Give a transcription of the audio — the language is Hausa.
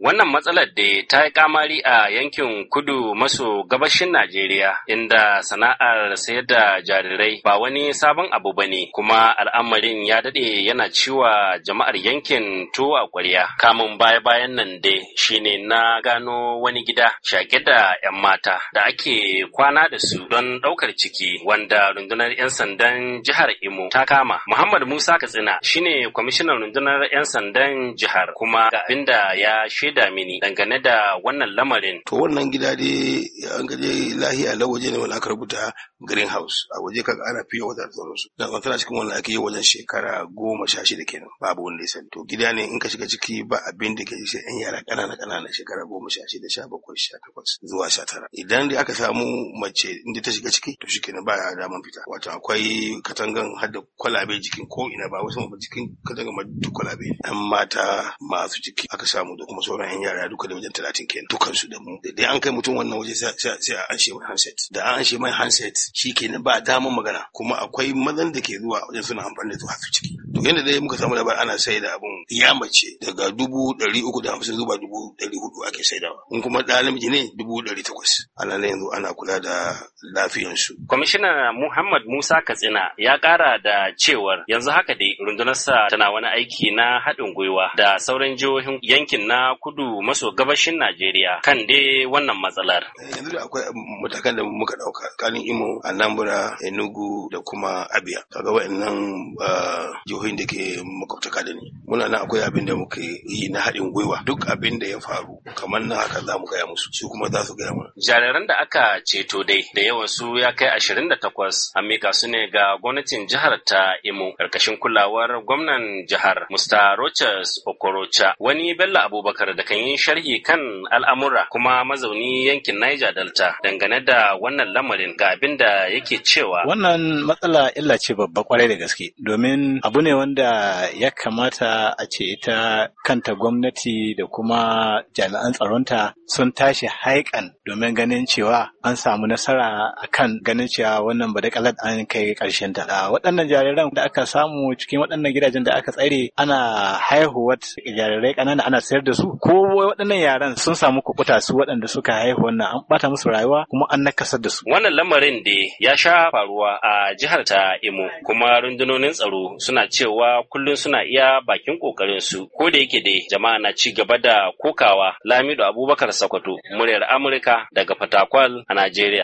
Wannan matsalar da ta yi kamari a yankin kudu maso gabashin Najeriya inda sana'ar sayar da jarirai ba wani sabon abu ba ne kuma al'amarin ya daɗe yana ciwa jama'ar yankin tuwa kwarya. Kamun baya-bayan nan dai shine na gano wani gida shake da 'yan mata da ake kwana da su don ɗaukar ciki wanda rundunar 'yan sandan jihar Imo ta kama. Muhammad Musa Katsina shine kwamishinan rundunar 'yan sandan jihar kuma ga abin da ya Damini dangane da wannan lamarin. To wannan gida dai an gaje lahiya lau waje ne wanda aka rubuta greenhouse a waje kaga ana fiye wajen da su. Da kuma tana cikin wannan ake yi wajen shekara goma sha shida kenan babu wanda ya To gida ne in ka shiga ciki ba abin da ke sai yan yara ƙanana ƙanana shekara goma sha shida sha bakwai sha takwas zuwa sha tara. Idan dai aka samu mace inda ta shiga ciki to shi kenan ba daman fita. Wato akwai katangan hada kwalabe jikin ko ina ba wasu jikin katangan ma duk kwalabe. Yan mata masu ciki aka samu da kuma sauran haurayen yara duka da wajen talatin kenan dukan su da mu da an kai mutum wannan waje sai a anshe mai hanset. da an anshe mai handset shi kenan ba damar magana kuma akwai mazan da ke zuwa wajen suna amfani da zuwa ciki to yadda dai muka samu labar ana sai da abun ya mace daga dubu ɗari uku da hamsin zuwa dubu ɗari hudu ake dawa. in kuma ɗan namiji ne dubu ɗari takwas ana nan yanzu ana kula da lafiyansu. kwamishina muhammad musa katsina ya ƙara da cewar yanzu haka dai rundunarsa tana wani aiki na haɗin gwiwa da sauran jihohin yankin na kudu maso gabashin najeriya kan dai wannan matsalar. Eh, yanzu da akwai matakan da muka ɗauka kanin imo anambra enugu da kuma abia kaga wa'annan ah, jihohi abin da ke makwabtaka da ni muna nan akwai abin da muke yi na haɗin gwiwa duk abin da ya faru kamar na haka za mu gaya musu su kuma za su gaya mana jariran da aka ceto dai da yawan su ya kai ashirin da takwas an mika su ne ga gwamnatin jihar ta imo karkashin kulawar gwamnan jihar musta rochas okorocha wani bello abubakar da kan yi sharhi kan al'amura kuma mazauni yankin niger delta dangane da wannan lamarin ga abin da yake cewa wannan matsala illa ce babba kwarai da gaske domin abu ne wanda ya kamata a ce ita kanta gwamnati da kuma jami'an tsaronta sun tashi haikan domin ganin cewa an samu nasara a kan ganin cewa wannan badakalar an kai karshen ta. Waɗannan jariran da aka samu cikin waɗannan gidajen da aka tsare ana haihuwar jarirai ƙanana ana sayar da su ko waɗannan yaran sun samu kukuta su waɗanda suka haihu wannan an ɓata musu rayuwa kuma an nakasar da su. Wannan lamarin da ya sha faruwa a jihar ta Imo kuma rundunonin tsaro suna cewa kullum suna iya bakin ƙoƙarin su ko da yake dai jama'a na ci gaba da kokawa Lamido Abubakar Sokoto. Muryar Amurka daga Fatakwal a Najeriya.